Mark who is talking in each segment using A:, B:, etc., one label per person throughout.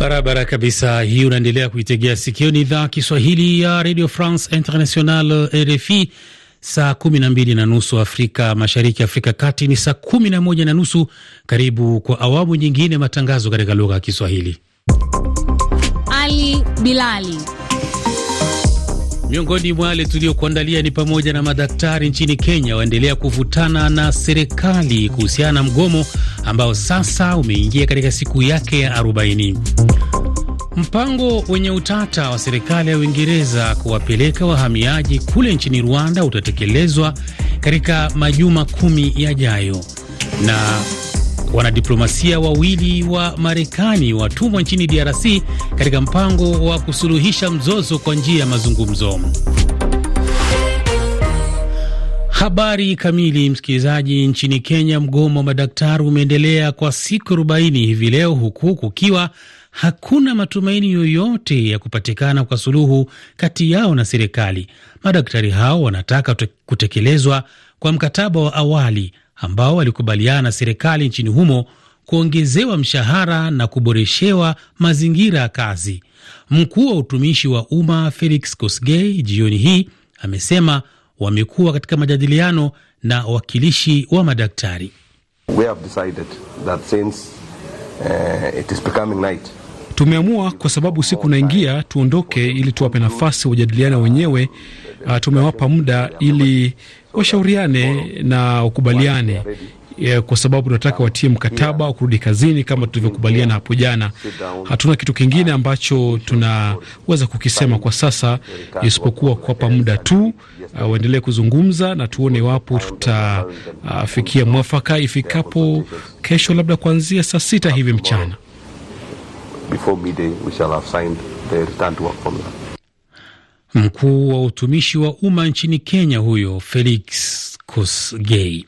A: Barabara kabisa, hii unaendelea kuitegea sikio. Ni idhaa Kiswahili ya Radio France International, RFI. Saa kumi na mbili na nusu Afrika Mashariki, Afrika Kati ni saa kumi na moja na nusu. Karibu kwa awamu nyingine matangazo katika lugha ya Kiswahili.
B: Ali Bilali
A: Miongoni mwa yale tuliyokuandalia ni pamoja na madaktari nchini Kenya waendelea kuvutana na serikali kuhusiana na mgomo ambao sasa umeingia katika siku yake ya 40. Mpango wenye utata wa serikali ya Uingereza kuwapeleka wahamiaji kule nchini Rwanda utatekelezwa katika majuma kumi yajayo na Wanadiplomasia wawili wa Marekani watumwa nchini DRC katika mpango wa kusuluhisha mzozo kwa njia ya mazungumzo. Habari kamili, msikilizaji. Nchini Kenya, mgomo wa madaktari umeendelea kwa siku arobaini hivi leo, huku kukiwa hakuna matumaini yoyote ya kupatikana kwa suluhu kati yao na serikali. Madaktari hao wanataka kutekelezwa kwa mkataba wa awali ambao walikubaliana na serikali nchini humo kuongezewa mshahara na kuboreshewa mazingira ya kazi. Mkuu wa utumishi wa umma Felix Kosgei jioni hii amesema wamekuwa katika majadiliano na wawakilishi wa madaktari.
C: We have decided that since, uh, it is becoming night.
A: Tumeamua kwa sababu siku
C: naingia tuondoke, ili tuwape nafasi wajadiliana wenyewe. Uh, tumewapa muda ili washauriane na wakubaliane eh, kwa sababu tunataka watie mkataba wa kurudi kazini kama tulivyokubaliana hapo jana. Hatuna kitu kingine ambacho tunaweza kukisema kwa sasa isipokuwa kuwapa muda tu, uh, waendelee kuzungumza na tuone iwapo tutafikia uh, mwafaka ifikapo kesho,
A: labda kuanzia saa sita hivi mchana. Mkuu wa utumishi wa umma nchini Kenya huyo Felix Kosgei.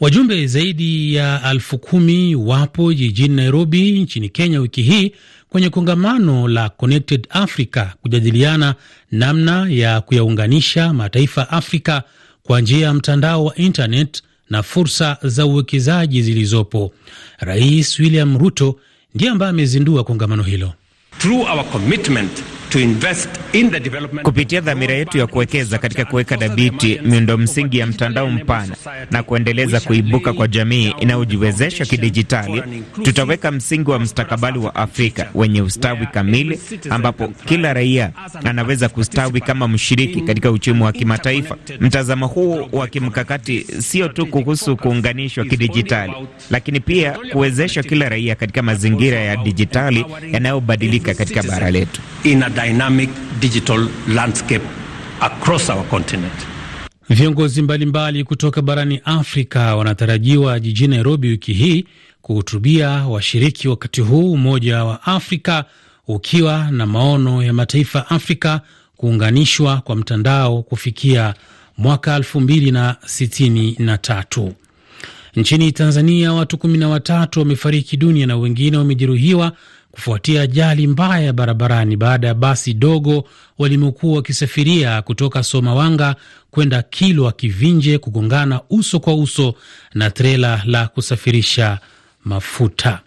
A: Wajumbe zaidi ya elfu kumi wapo jijini Nairobi nchini Kenya wiki hii kwenye kongamano la Connected Africa kujadiliana namna ya kuyaunganisha mataifa Afrika kwa njia ya mtandao wa internet na fursa za uwekezaji zilizopo. Rais William Ruto ndiye ambaye amezindua kongamano hilo. Through our commitment to invest in the development. Kupitia dhamira yetu ya kuwekeza katika kuweka dhabiti
B: miundo msingi ya mtandao mpana na kuendeleza kuibuka kwa jamii inayojiwezesha kidijitali, tutaweka msingi wa mstakabali wa Afrika wenye ustawi kamili, ambapo kila raia anaweza kustawi kama mshiriki katika uchumi wa kimataifa. Mtazamo huu wa kimkakati sio tu kuhusu kuunganishwa kidijitali, lakini pia kuwezesha kila raia katika mazingira ya dijitali yanayobadilika katika bara letu
A: in a dynamic digital landscape across our continent. Viongozi mbalimbali kutoka barani Afrika wanatarajiwa jijini Nairobi wiki hii kuhutubia washiriki, wakati huu Umoja wa Afrika ukiwa na maono ya mataifa Afrika kuunganishwa kwa mtandao kufikia mwaka 2063. Nchini Tanzania, watu 13 wamefariki dunia na wengine wamejeruhiwa kufuatia ajali mbaya ya barabarani baada ya basi dogo walimokuwa wakisafiria kutoka Somawanga kwenda Kilwa Kivinje kugongana uso kwa uso na trela la kusafirisha mafuta.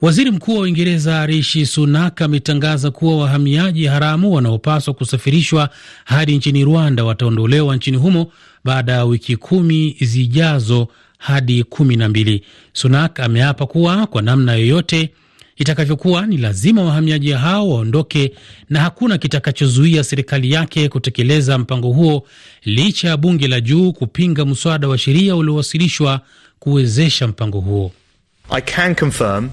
A: Waziri Mkuu wa Uingereza Rishi Sunak ametangaza kuwa wahamiaji haramu wanaopaswa kusafirishwa hadi nchini Rwanda wataondolewa nchini humo baada ya wiki kumi zijazo hadi kumi na mbili. Sunak ameapa kuwa kwa namna yoyote itakavyokuwa ni lazima wahamiaji hao waondoke na hakuna kitakachozuia serikali yake kutekeleza mpango huo licha ya bunge la juu kupinga mswada wa sheria uliowasilishwa kuwezesha mpango huo. I can confirm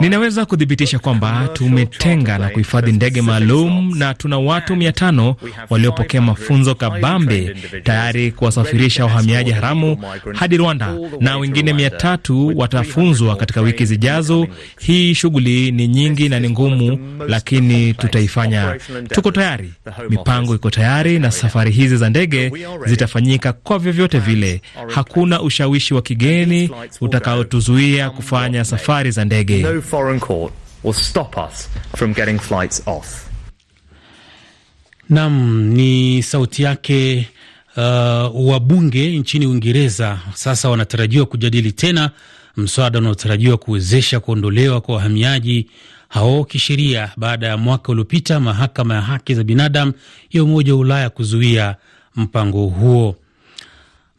A: Ninaweza
C: kuthibitisha kwamba tumetenga na kuhifadhi ndege maalum na tuna watu mia tano waliopokea mafunzo kabambe tayari kuwasafirisha wahamiaji haramu hadi Rwanda na wengine mia tatu watafunzwa katika wiki zijazo. Hii shughuli ni nyingi na ni ngumu, lakini tutaifanya. Tuko tayari, mipango iko tayari, na safari hizi za ndege zitafanyika kwa vyovyote vile. Hakuna ushawishi wa kigeni utakaotuzuia kufanya safari za ndege.
A: Nam ni sauti yake. Uh, wabunge nchini Uingereza sasa wanatarajiwa kujadili tena mswada unaotarajiwa kuwezesha kuondolewa kwa wahamiaji hao kisheria baada ya mwaka uliopita mahakama ya haki za binadamu ya Umoja wa Ulaya kuzuia mpango huo.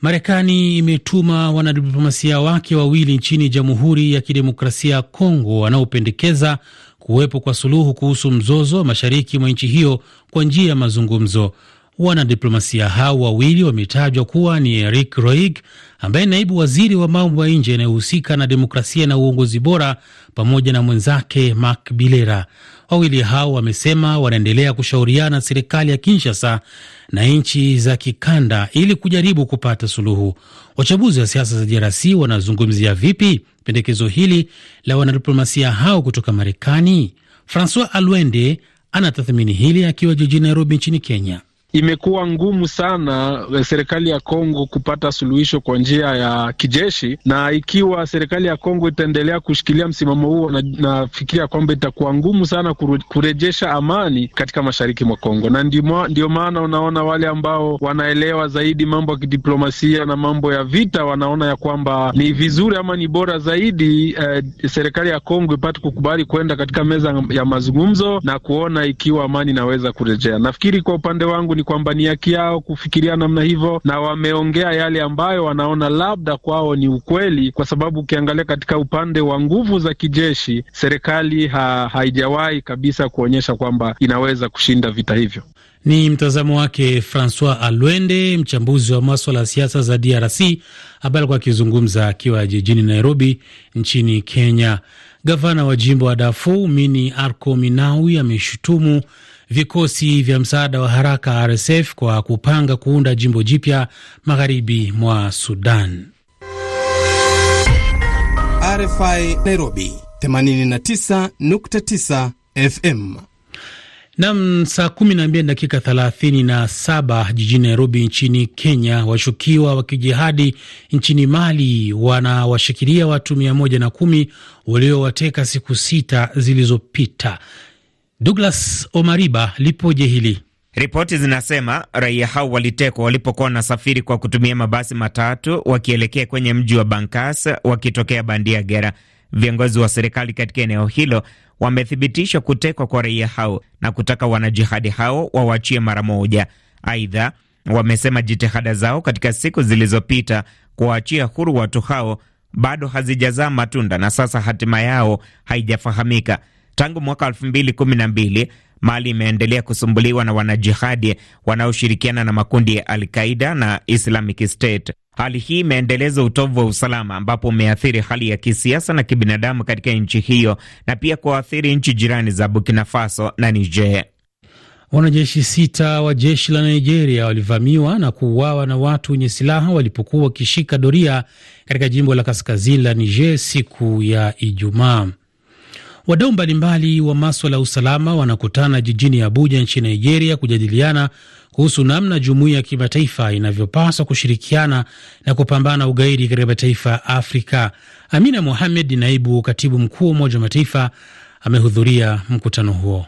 A: Marekani imetuma wanadiplomasia wake wawili nchini Jamhuri ya Kidemokrasia ya Kongo wanaopendekeza kuwepo kwa suluhu kuhusu mzozo wa mashariki mwa nchi hiyo kwa njia ya mazungumzo. Wanadiplomasia hao wawili wametajwa kuwa ni Eric Roig ambaye ni naibu waziri wa mambo ya nje anayehusika na demokrasia na uongozi bora pamoja na mwenzake Marc Bilera. Wawili hao wamesema wanaendelea kushauriana na serikali ya Kinshasa na nchi za kikanda ili kujaribu kupata suluhu. Wachambuzi wa siasa za DRC wanazungumzia vipi pendekezo hili la wanadiplomasia hao kutoka Marekani? Francois Alwende anatathmini hili akiwa jijini Nairobi nchini Kenya
C: imekuwa ngumu sana eh, serikali ya Kongo kupata suluhisho kwa njia ya kijeshi, na ikiwa serikali ya Kongo itaendelea kushikilia msimamo huo, nafikiria na kwamba itakuwa ngumu sana kurejesha amani katika mashariki mwa Kongo, na ndio maana unaona wale ambao wanaelewa zaidi mambo ya kidiplomasia na mambo ya vita wanaona ya kwamba ni vizuri ama ni bora zaidi eh, serikali ya Kongo ipate kukubali kwenda katika meza ya mazungumzo na kuona ikiwa amani inaweza kurejea. Nafikiri kwa upande wangu ni kwamba ni haki yao kufikiria namna hivyo, na wameongea yale ambayo wanaona labda kwao ni ukweli, kwa sababu ukiangalia katika upande wa nguvu za kijeshi, serikali ha, haijawahi kabisa kuonyesha kwamba inaweza kushinda vita hivyo.
A: Ni mtazamo wake Francois Alwende, mchambuzi wa maswala ya siasa za DRC, ambaye alikuwa akizungumza akiwa jijini Nairobi nchini Kenya. Gavana wa jimbo wa Darfur Mini Arko Minawi ameshutumu vikosi vya msaada wa haraka RSF kwa kupanga kuunda jimbo jipya magharibi mwa Sudan.
C: RFI Nairobi 89.9
A: FM. Nam, saa kumi na mbili dakika thelathini na saba jijini Nairobi nchini Kenya. Washukiwa wa kijihadi nchini Mali wanawashikilia watu mia moja na kumi waliowateka siku sita zilizopita. Douglas Omariba, lipoje hili? Ripoti
B: zinasema raia hao walitekwa walipokuwa wanasafiri kwa kutumia mabasi matatu wakielekea kwenye mji wa Bankas wakitokea bandia Gera. Viongozi wa serikali katika eneo hilo wamethibitisha kutekwa kwa raia hao na kutaka wanajihadi hao wawachie mara moja. Aidha, wamesema jitihada zao katika siku zilizopita kuwaachia huru watu hao bado hazijazaa matunda na sasa hatima yao haijafahamika. Tangu mwaka elfu mbili kumi na mbili Mali imeendelea kusumbuliwa na wanajihadi wanaoshirikiana na makundi ya Alqaida na Islamic State. Hali hii imeendeleza utovu wa usalama ambapo umeathiri hali ya kisiasa na kibinadamu katika nchi hiyo na pia kuathiri nchi jirani za Burkina Faso na Niger.
A: Wanajeshi sita wa jeshi la Nigeria walivamiwa na kuuawa na watu wenye silaha walipokuwa wakishika doria katika jimbo la kaskazini la Niger siku ya Ijumaa. Wadau mbalimbali wa maswala ya usalama wanakutana jijini Abuja nchini Nigeria kujadiliana kuhusu namna jumuiya ya kimataifa inavyopaswa kushirikiana na kupambana ugaidi katika mataifa ya Afrika. Amina Mohamed, naibu katibu mkuu wa Umoja wa Mataifa, amehudhuria mkutano huo.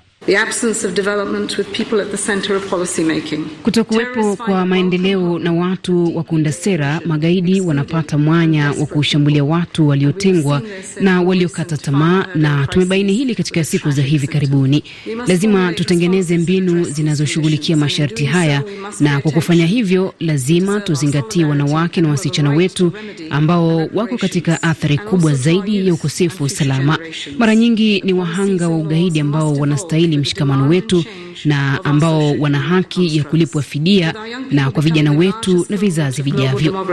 B: Kutokuwepo kwa maendeleo na watu wa kuunda sera, magaidi wanapata mwanya wa kushambulia watu waliotengwa na waliokata tamaa, na tumebaini hili katika siku za hivi karibuni. Lazima tutengeneze mbinu zinazoshughulikia masharti haya, na kwa kufanya hivyo, lazima tuzingatie wanawake na wasichana wetu ambao wako katika athari kubwa zaidi ya ukosefu wa usalama. Mara nyingi ni wahanga wa ugaidi ambao wanastahili ni mshikamano wetu na ambao wana haki ya kulipwa fidia na kwa vijana wetu na vizazi vijavyo.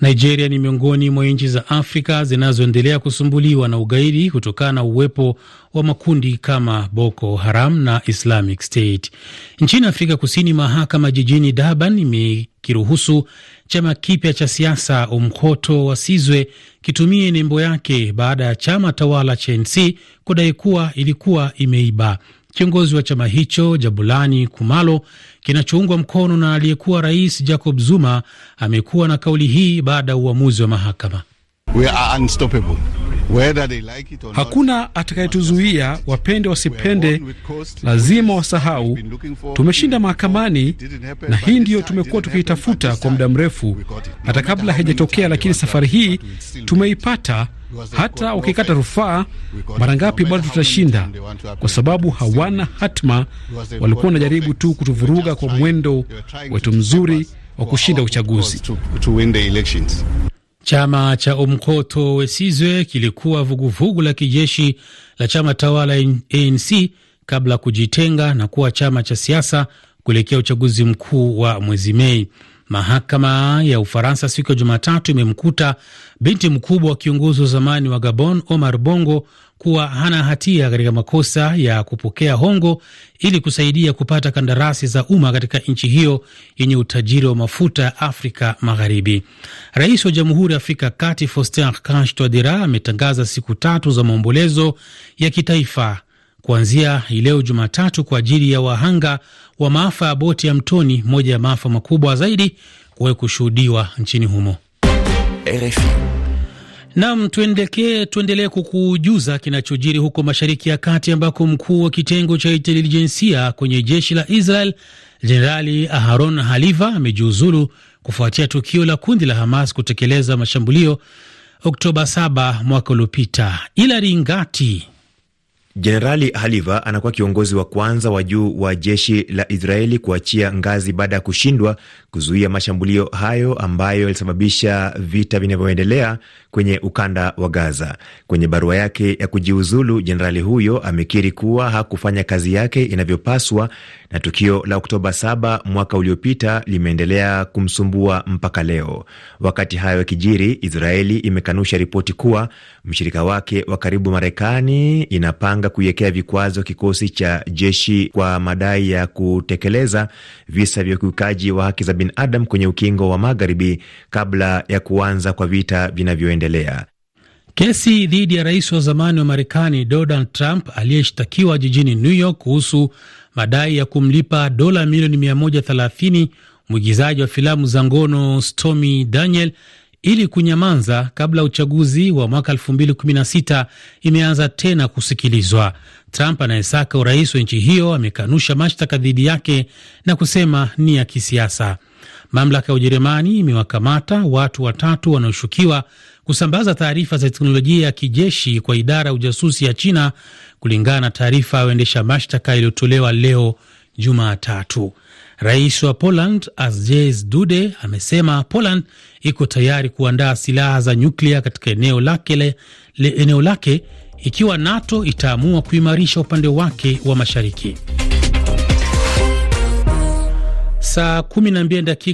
A: Nigeria ni miongoni mwa nchi za Afrika zinazoendelea kusumbuliwa na ugaidi kutokana na uwepo wa makundi kama Boko Haram na Islamic State. Nchini Afrika Kusini, mahakama jijini Durban ime kiruhusu chama kipya cha siasa Umkhonto wa Sizwe kitumie nembo yake baada ya chama tawala cha nc kudai kuwa ilikuwa imeiba. Kiongozi wa chama hicho Jabulani Kumalo, kinachoungwa mkono na aliyekuwa rais Jacob Zuma, amekuwa na kauli hii baada ya uamuzi wa mahakama.
C: We are unstoppable.
A: Hakuna atakayetuzuia, wapende wasipende, lazima wasahau. Tumeshinda mahakamani, na hii
C: ndiyo tumekuwa tukiitafuta kwa muda mrefu, hata kabla haijatokea, lakini safari hii tumeipata. Hata wakikata rufaa mara ngapi, bado tutashinda, kwa sababu hawana hatma. Walikuwa wanajaribu tu kutuvuruga kwa mwendo wetu mzuri
A: wa kushinda uchaguzi. Chama cha Umkhonto we Sizwe kilikuwa vuguvugu la kijeshi la chama tawala ANC kabla kujitenga na kuwa chama cha siasa kuelekea uchaguzi mkuu wa mwezi Mei. Mahakama ya Ufaransa siku ya Jumatatu imemkuta binti mkubwa wa kiongozi wa zamani wa Gabon Omar Bongo kuwa hana hatia katika makosa ya kupokea hongo ili kusaidia kupata kandarasi za umma katika nchi hiyo yenye utajiri wa mafuta ya Afrika Magharibi. Rais wa Jamhuri ya Afrika Kati Faustin Archange Touadera ametangaza siku tatu za maombolezo ya kitaifa kuanzia hileo leo Jumatatu kwa ajili ya wahanga wa maafa ya boti ya mtoni, moja ya maafa makubwa zaidi kuwahi kushuhudiwa nchini humo. RFI. Nam, tuendelee kukujuza kinachojiri huko Mashariki ya Kati, ambako mkuu wa kitengo cha intelijensia kwenye jeshi la Israel Jenerali Aharon Haliva amejiuzulu kufuatia tukio la kundi la Hamas kutekeleza mashambulio Oktoba 7 mwaka uliopita. Ilari Ngati
B: Jenerali Haliva anakuwa kiongozi wa kwanza wa juu wa jeshi la Israeli kuachia ngazi baada ya kushindwa kuzuia mashambulio hayo ambayo yalisababisha vita vinavyoendelea kwenye ukanda wa Gaza. Kwenye barua yake ya kujiuzulu, jenerali huyo amekiri kuwa hakufanya kazi yake inavyopaswa na tukio la Oktoba 7 mwaka uliopita limeendelea kumsumbua mpaka leo. Wakati hayo yakijiri, Israeli imekanusha ripoti kuwa mshirika wake wa karibu Marekani inapanga kupanga kuiwekea vikwazo kikosi cha jeshi kwa madai ya kutekeleza visa vya ukiukaji wa haki za binadamu kwenye ukingo wa Magharibi kabla ya kuanza kwa vita vinavyoendelea.
A: Kesi dhidi ya rais wa zamani wa Marekani Donald Trump aliyeshtakiwa jijini New York kuhusu madai ya kumlipa dola milioni 130 mwigizaji wa filamu za ngono Stormy Daniel ili kunyamanza kabla uchaguzi wa mwaka 2016 imeanza tena kusikilizwa. Trump anayesaka urais wa nchi hiyo amekanusha mashtaka dhidi yake na kusema ni ya kisiasa. Mamlaka ya Ujerumani imewakamata watu watatu wanaoshukiwa kusambaza taarifa za teknolojia ya kijeshi kwa idara ya ujasusi ya China, kulingana na taarifa ya waendesha mashtaka iliyotolewa leo Jumatatu. Rais wa Poland Andrzej Duda amesema Poland iko tayari kuandaa silaha za nyuklia katika eneo lake, le, le eneo lake ikiwa NATO itaamua kuimarisha upande wake wa mashariki. Saa 12 dakika